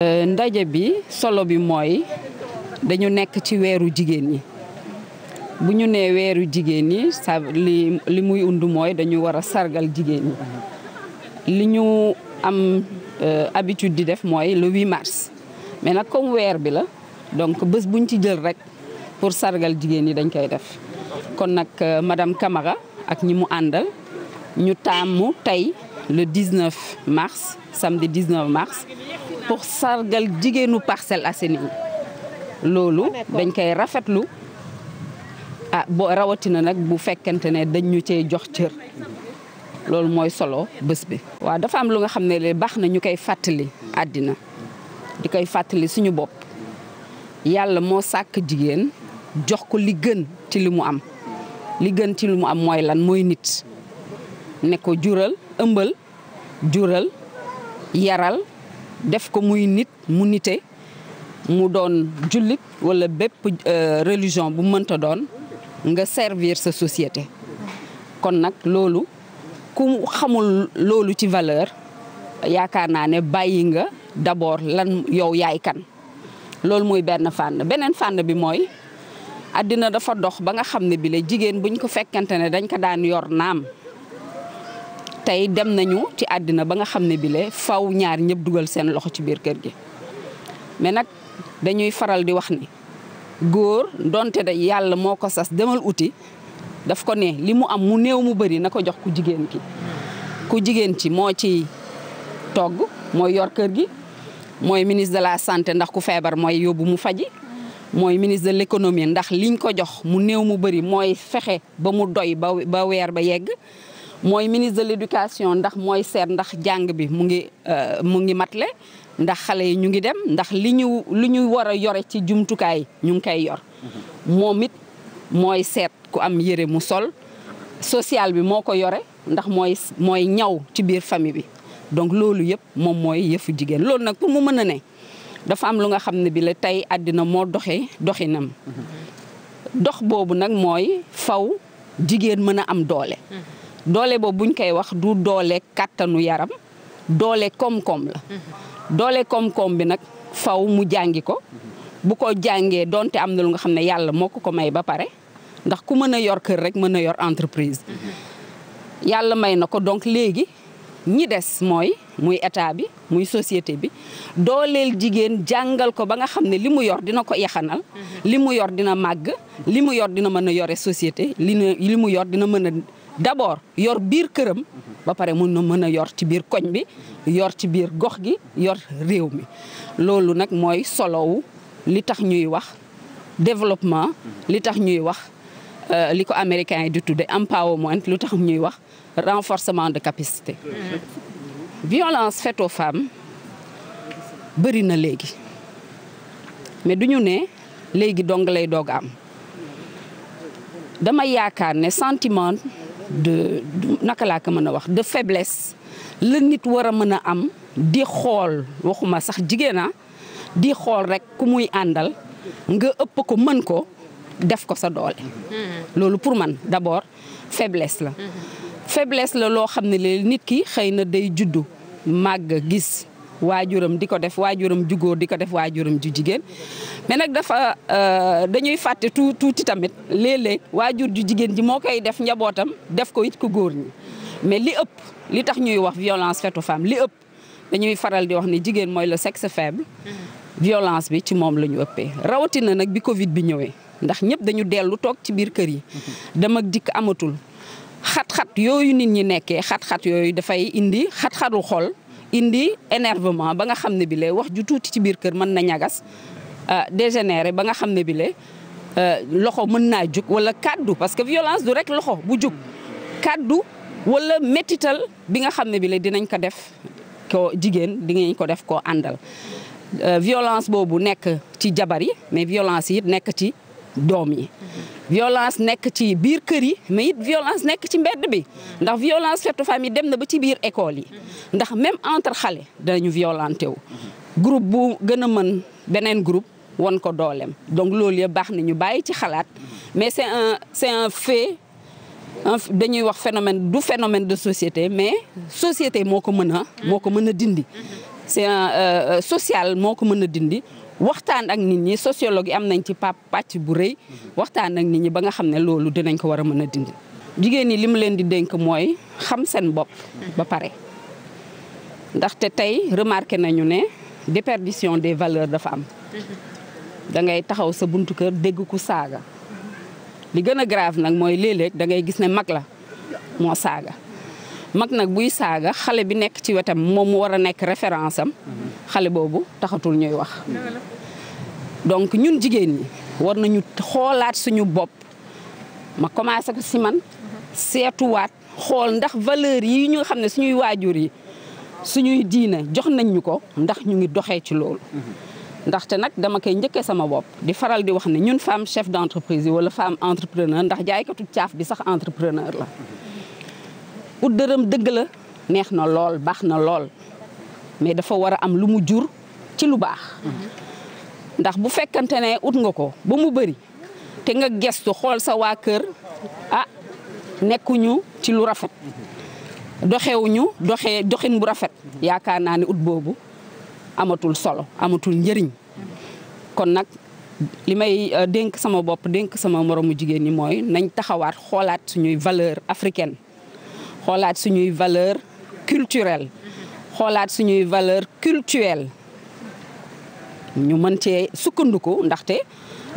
Euh, ndaje bi solo bi mooy dañu nekk ci weeru jigéen ñi bu ñu nee weeru jigéen ñi sa li muy und mooy dañu war a sargal jigéen ñi li ñu am euh, habitude di def mooy le 8 mars mais nag comme weer bi la donc bés buñ ci jël rek pour sargal jigéen ñi dañ koy def kon nag euh, madame Camara ak ñi mu àndal ñu taamu tey le 19 mars samedi 19 mars pour sargal jigéenu parcelle Assainies loolu ah, dañ koy rafetlu ah boo rawatina nag bu fekkente ne dañ ñu cee jox cër loolu mooy solo bés bi. waa dafa am lu nga xam ne li baax na ñu koy fàttali àddina di koy fàttali suñu bopp yàlla moo sàkk jigéen jox ko li gën ci li mu am li gën ci li mu am mooy lan mooy nit ne ko jural ëmbal jural yaral. def ko muy nit mu nite mu doon jullit wala bépp euh, religion bu mënta doon nga servir sa société kon nag loolu ku xamul loolu ci valeur yaakaar naa ne bàyyi nga d'abord lan yow yaay kan loolu mooy benn fànn beneen fànn bi mooy addina dafa dox ba nga xam ne bi la jigéen buñ ko fekkante ne dañ ko daan yor naam tey dem nañu ci àddina ba nga xam ne bile faw ñaar ñëpp dugal seen loxo ci biir kër gi mais nag dañuy faral di wax ni góor donte da yàlla moo ko sas demal uti daf ko ne li mu am mu néew mu bëri na ko jox ku jigéen ki ku jigéen ci moo ci togg mooy yor kër gi mooy ministre de la santé ndax ku feebar mooy yóbbu mu faji mooy ministre de l'économie ndax liñ ko jox mu néew mu bëri mooy fexe ba mu doy ba ba weer ba yegg mooy ministre de l'éducation ndax mooy seet ndax jàng bi mu ngi euh, mu ngi matle ndax xale yi ñu ngi dem ndax li ñu li ñu war a yore ci jumtukaay ñu ngi koy yor moom it mooy seet ku am yére mu sol social bi moo ko yore ndax mooy mooy ñaw ci biir famille bi donc loolu yëpp moom mooy yëfu jigéen loolu nag pour mu mën a ne dafa am lu nga xam ne bi la tey àddina moo doxee doxinam mm-hmm. dox boobu nag mooy faw jigéen mën a am doole mm-hmm. doole boobu buñ koy wax du doole kàttanu yaram doole koom-koom la doole koom-koom bi nag faw mu jàngi ko bu ko jàngee donte am na lu nga xam ne yàlla moo ko ko may ba pare ndax ku mën a yor kër rek mën a yor entreprise yàlla may na ko donc léegi ñi des mooy muy état bi muy société bi dooleel jigéen jàngal ko ba nga xam ne li mu yor dina ko yaxanal li mu yor dina màgg li mu yor dina mën a yore société li li mu yor dina mën a d'abord yor biir këram ba pare mun na mën a yor ci biir koñ bi yor ci biir gox gi yor réew mi loolu nag mooy solowu li tax ñuy wax développement li tax ñuy wax euh, li ko américains yi di tudde empowerment lu tax ñuy wax renforcement de capacité violence faite aux femmes bëri na léegi mais du ñu ne léegi dong lay doog am dama yaakaar ne sentiment naka laa ko mën a wax de faiblesse la nit war a mën a am di xool waxuma sax jigéena ah, di xool rek ku muy àndal nga ëpp ko mën ko def ko sa doole mm-hmm. loolu pour man d'abord faiblesse la mm-hmm. faiblesse la loo xam ne léegi nit ki xëy na day juddu màgg gis waajuram di ko def waajuram ju góor di ko def waajuram ju jigéen mais nag dafa euh, dañuy fàtte tu tuuti tamit léeg-léeg waajur ju jigéen ji moo koy def njabootam def ko it ku góor ñi mais li ëpp li tax ñuy wax violence faite aux li ëpp dañuy faral di wax ne jigéen mooy le sexe faible violence bi ci moom la ñu ëppee rawatina nag bi covid bi ñëwee ndax ñëpp dañu dellu toog ci biir kër yi dem ak dikk amatul xat-xat yooyu nit ñi nekkee xat-xat yooyu dafay indi xat-xatu xol indi énervement ba nga xam ne bile wax ju tuuti ci biir kër mën na ñagas euh, dégénéré ba nga xam ne bile euh, loxo mën naa jug wala kaddu parce que violence du rek loxo bu jug kaddu wala métital bi nga xam ne bile dinañ ko def ko jigéen dinañ ko def koo àndal euh, violence boobu nekk ci jabar yi mais violence yit nekk ci doom yi. violence nekk ci biir kër yi mais it violence nekk ci mbedd bi ndax violence faite aux yi dem na ba ci biir école yi ndax même entre xale dañu violenté wu. groupe bu gën a mën beneen groupe won ko doolem donc loolu yëpp baax nañu ñu bàyyi ci xalaat mais c'est un c'est un fait dañuy wax phénomène du phénomène de société mais société moo ko mën a. moo ko mën a dindi. c'est un euh, euh, social moo ko mën a dindi. waxtaan ak nit ñi sociologue yi am nañ ci pa pàcc bu rëy mhm. waxtaan ak nit ñi ba nga xam ne loolu dinañ ko war a mën a dindi jigéen ñi li mu leen di dénk mooy xam seen bopp mhm. ba pare ndaxte tey remarqué nañu ne déperdition des valeurs dafa am mhm. da ngay taxaw sa buntu kër dégg ku saaga li gën a grave nag mooy léeg-léeg da ngay gis ne mag la moo saaga mag nag buy saaga xale bi nekk ci wetam moom mu war a nekk référence am xale boobu taxatul ñuy wax donc ñun jigéen ñi war nañu xoolaat suñu bopp ma commencé ko si man seetuwaat xool ndax valeur yi ñu xam ne suñuy waajur yi suñuy diine jox nañ ñu ko ndax ñu ngi doxee ci loolu ndaxte nag dama koy njëkkee sama bopp di faral di wax ne ñun femme chef d'entreprise yi wala femme entrepreneur ndax jaaykatu caaf bi sax entrepreneur la ut dërëm dëgg la neex na lool baax na lool mais dafa war a am lu mu jur ci lu baax ndax bu fekkante ne ut nga ko ba mu bëri te nga gestu xool sa waa kër ah nekkuñu ci lu rafet doxewuñu doxee doxin bu rafet yaakaar naa ne ut boobu amatul solo amatul njëriñ kon nag li may euh, dénk sama bopp dénk sama moromu jigéen ñi mooy nañ taxawaat xoolaat suñuy valeur africaine xoolaat suñuy valeur culturel xoolaat suñuy valeur culturelle ñu mën cee sukkandiku ndaxte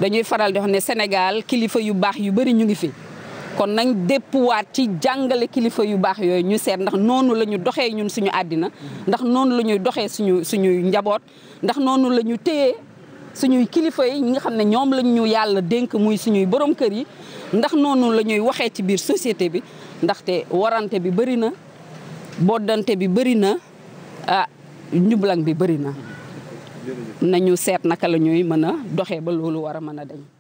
dañuy faral di wax ne Sénégal kilifa yu baax yu bari ñu ngi fi kon nañ déppuwaat ci jàngale kilifa yu baax yooyu ñu seet ndax noonu la ñu doxee ñun suñu àddina ndax noonu la ñuy doxee suñu suñuy njaboot ndax noonu la ñu téye suñuy kilifa yi ñi nga xam ne ñoom lañ ñu yàlla dénk muy suñuy borom kër yi ndax noonu la ñuy waxee ci biir société bi ndaxte warante bi bëri na boddante bi bëri na ah njublang bi bëri na nañu seet naka la ñuy mën a doxee ba loolu war a mën a dañ